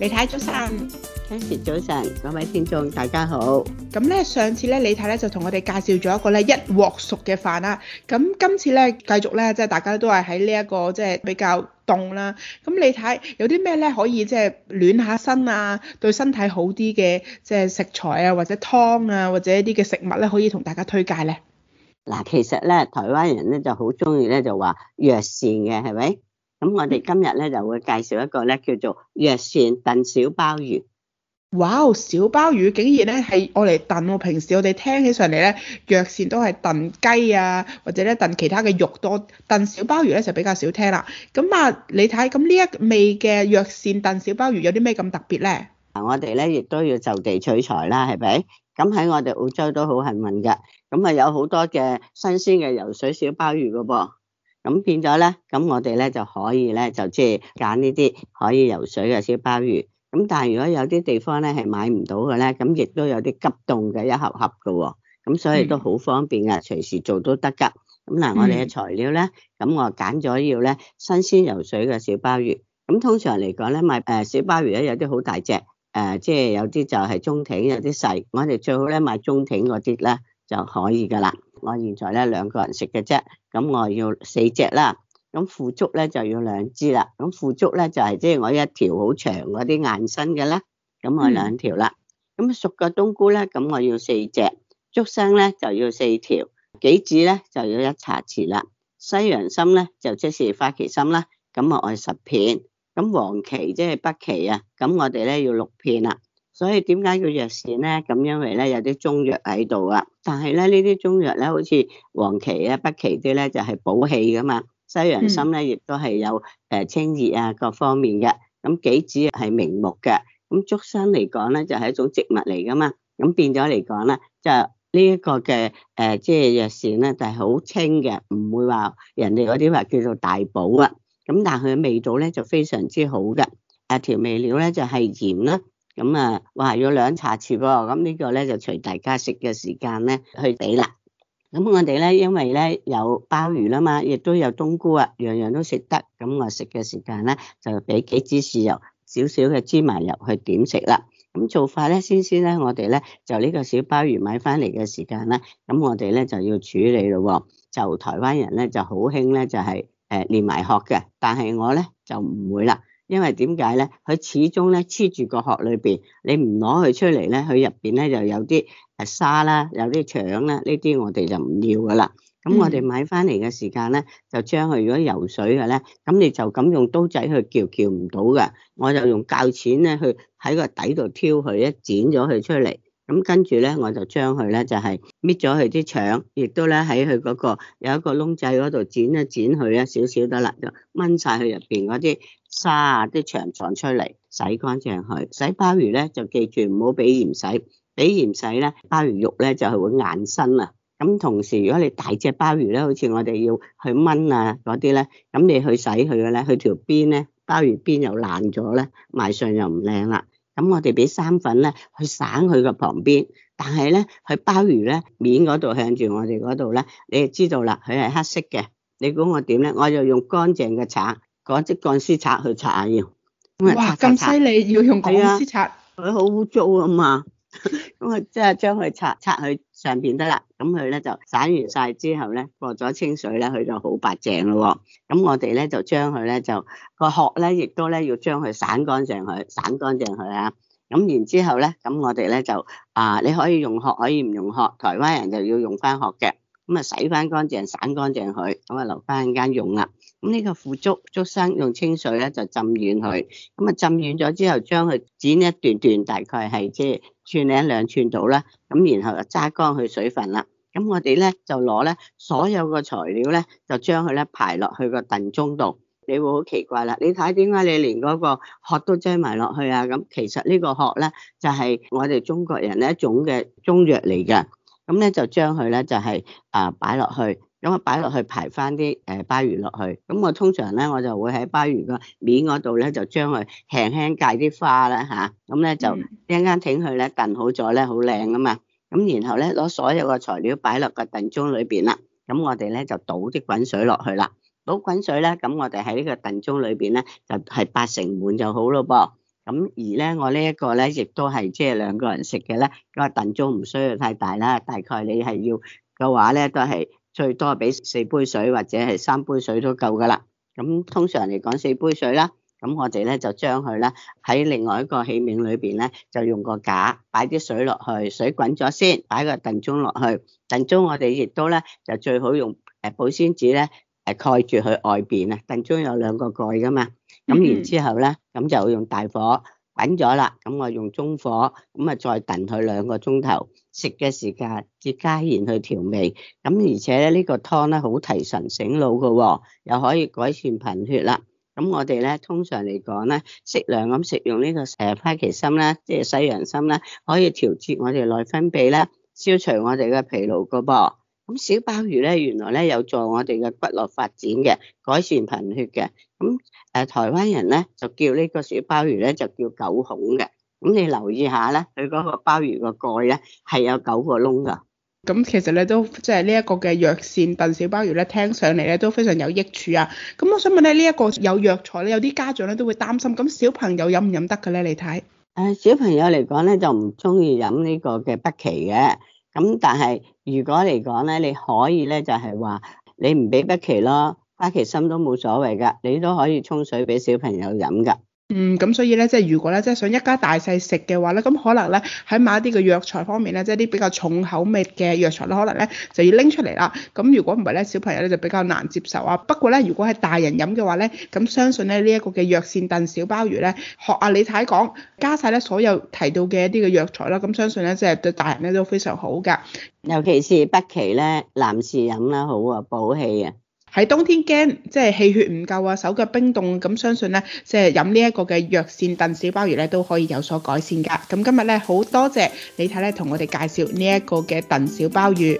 李太早晨，早晨，各位聽眾大家好。咁咧上次咧李太咧就同我哋介紹咗一個咧一鍋熟嘅飯啦。咁今次咧繼續咧即係大家都係喺呢一個即係比較凍啦。咁李太有啲咩咧可以即係暖下身啊，對身體好啲嘅即係食材啊，或者湯啊，或者一啲嘅食物咧可以同大家推介咧？嗱，其實咧台灣人咧就好中意咧就話藥膳嘅，係咪？咁我哋今日咧就會介紹一個咧叫做藥膳燉小鮑魚。哇！Wow, 小鮑魚竟然咧係我嚟燉，平時我哋聽起上嚟咧藥膳都係燉雞啊，或者咧燉其他嘅肉多，燉小鮑魚咧就比較少聽啦。咁啊，你睇咁呢一味嘅藥膳燉小鮑魚有啲咩咁特別咧？嗱、啊，我哋咧亦都要就地取材啦，係咪？咁喺我哋澳洲都好幸運噶，咁啊有好多嘅新鮮嘅游水小鮑魚噶噃。咁變咗咧，咁我哋咧就可以咧，就即係揀呢啲可以游水嘅小鮑魚。咁但係如果有啲地方咧係買唔到嘅咧，咁亦都有啲急凍嘅一盒盒嘅喎，哦。咁所以都好方便呀，隨、嗯、時做都得噶。咁嗱、呃就是，我哋嘅材料咧，咁我揀咗要咧新鮮游水嘅小鮑魚。咁通常嚟講咧，買誒小鮑魚咧有啲好大隻，誒即係有啲就係中挺，有啲細。我哋最好咧買中挺嗰啲咧就可以噶啦。我現在咧兩個人食嘅啫。咁我要四隻啦，咁腐竹咧就要兩支啦，咁腐竹咧就係即係我一條好長嗰啲硬身嘅啦，咁我兩條啦，咁、嗯、熟嘅冬菇咧，咁我要四隻，竹笙咧就要四條，杞子咧就要一茶匙啦，西洋參咧就即是花旗參啦，咁我愛十片，咁黃芪即係北芪啊，咁我哋咧要六片啦。所以點解叫藥膳咧？咁因為咧有啲中藥喺度啊。但係咧呢啲中藥咧，好似黃芪啊、北芪啲咧就係補氣噶嘛。西洋參咧亦都係有誒清熱啊各方面嘅。咁杞子係明目嘅。咁竹笙嚟講咧就係、是、一種植物嚟噶嘛。咁變咗嚟講咧，就呢一個嘅誒即係藥膳咧就係、是、好清嘅，唔會話人哋嗰啲話叫做大補啊。咁但係佢嘅味道咧就非常之好嘅。誒調味料咧就係、是、鹽啦。咁啊，話有、嗯、兩茶匙喎，咁呢個咧就隨大家食嘅時間咧去俾啦。咁我哋咧，因為咧有鮑魚啊嘛，亦都有冬菇啊，樣樣都食得，咁我食嘅時間咧就俾幾支豉油，少少嘅芝麻油去點食啦。咁做法咧，先先咧，我哋咧就呢個小鮑魚買翻嚟嘅時間咧，咁我哋咧就要處理咯、哦。就台灣人咧就好興咧，就係誒連埋殼嘅，但係我咧就唔會啦。因為點解咧？佢始終咧黐住個殼裏邊，你唔攞佢出嚟咧，佢入邊咧就有啲係沙啦，有啲腸啦，呢啲我哋就唔要噶啦。咁我哋買翻嚟嘅時間咧，就將佢如果游水嘅咧，咁你就咁用刀仔去撬，撬唔到噶，我就用鉸剪咧去喺個底度挑佢，一剪咗佢出嚟。咁跟住咧，我就將佢咧就係搣咗佢啲腸，亦都咧喺佢嗰個有一個窿仔嗰度剪一剪佢一少少得啦，掹晒佢入邊嗰啲沙啊、啲腸臟出嚟，洗乾淨佢。洗鮑魚咧就記住唔好俾鹽洗，俾鹽洗咧鮑魚肉咧就係、是、會硬身啦。咁同時如果你大隻鮑魚咧，好似我哋要去燜啊嗰啲咧，咁你去洗佢嘅咧，佢條邊咧鮑魚邊又爛咗咧，賣相又唔靚啦。咁我哋俾三粉咧去散佢個旁邊，但係咧佢鮑魚咧面嗰度向住我哋嗰度咧，你就知道啦，佢係黑色嘅。你估我點咧？我就用乾淨嘅刷，嗰隻鋼絲刷去擦下要。擦擦擦哇，咁犀利，要用鋼絲刷，佢好污糟啊嘛。 咁佢即係將佢拆拆去上邊得啦，咁佢咧就散完晒之後咧，過咗清水咧，佢就好白淨咯。咁我哋咧就將佢咧就個殼咧，亦都咧要將佢散乾淨佢，散乾淨佢啊。咁然之後咧，咁我哋咧就啊，你可以用殼，可以唔用殼，台灣人就要用翻殼嘅。咁啊，洗翻乾淨，散乾淨佢，咁啊留翻陣間用啦。咁呢個腐竹、竹笙用清水咧就浸軟佢，咁啊浸軟咗之後，將佢剪一段段，大概係即係寸零兩寸度啦。咁然後就揸乾佢水分啦。咁我哋咧就攞咧所有個材料咧，就將佢咧排落去個燉盅度。你會好奇怪啦，你睇點解你連嗰個殼都遮埋落去啊？咁其實呢個殼咧就係我哋中國人一種嘅中藥嚟噶。咁咧就將佢咧就係啊擺落去，咁啊擺落去排翻啲誒鮑魚落去。咁我通常咧我就會喺鮑魚個面嗰度咧就將佢輕輕介啲花啦吓，咁、啊、咧就一間整佢咧燉好咗咧好靚噶嘛。咁然後咧攞所有嘅材料擺落個燉盅裏邊啦。咁我哋咧就倒啲滾水落去啦。倒滾水咧，咁我哋喺呢個燉盅裏邊咧就係、是、八成滿就好咯噃。咁而咧，我呢一個咧，亦都係即係兩個人食嘅咧。因為燉盅唔需要太大啦，大概你係要嘅話咧，都係最多俾四杯水或者係三杯水都夠噶啦。咁通常嚟講四杯水啦。咁我哋咧就將佢咧喺另外一個器皿裏邊咧，就用個架擺啲水落去，水滾咗先，擺個燉盅落去。燉盅我哋亦都咧就最好用誒保鮮紙咧誒蓋住佢外邊啊。燉盅有兩個蓋噶嘛。咁、嗯、然之後咧，咁就用大火滾咗啦。咁我用中火，咁啊再燉佢兩個鐘頭。食嘅時間，至加鹽去調味。咁而且咧，呢個湯咧好提神醒腦嘅喎，又可以改善貧血啦。咁我哋咧通常嚟講咧，適量咁食用呢個蛇派奇參咧，即係西洋參咧，可以調節我哋內分泌啦，消除我哋嘅疲勞嘅噃。咁小鮑魚咧，原來咧有助我哋嘅骨骼發展嘅，改善貧血嘅。咁誒，台灣人咧就叫呢個小鮑魚咧就叫九孔嘅。咁你留意下咧，佢嗰個鮑魚個蓋咧係有九個窿㗎。咁其實咧都即係、就是、呢一個嘅藥膳燉小鮑魚咧，聽上嚟咧都非常有益處啊。咁我想問咧，呢、這、一個有藥材咧，有啲家長咧都會擔心，咁小朋友飲唔飲得嘅咧？你睇誒、啊，小朋友嚟講咧就唔中意飲呢個嘅北芪嘅。咁但係。如果嚟講咧，你可以咧就係話你唔畀北芪咯，北芪參都冇所謂㗎，你都可以沖水畀小朋友飲㗎。嗯，咁所以咧，即係如果咧，即係想一家大細食嘅話咧，咁可能咧喺買一啲嘅藥材方面咧，即係啲比較重口味嘅藥材咧，可能咧就要拎出嚟啦。咁如果唔係咧，小朋友咧就比較難接受啊。不過咧，如果係大人飲嘅話咧，咁相信咧呢一個嘅藥膳燉小鮑魚咧，學阿、啊、李太講，加晒咧所有提到嘅一啲嘅藥材啦，咁相信咧即係對大人咧都非常好噶。尤其是北芪咧，男士飲啦好啊，補氣啊。喺冬天驚，即係氣血唔夠啊，手腳冰凍咁，相信咧即係飲呢一個嘅藥膳燉小鮑魚咧都可以有所改善噶咁今日咧好多謝李太咧同我哋介紹呢一個嘅燉小鮑魚。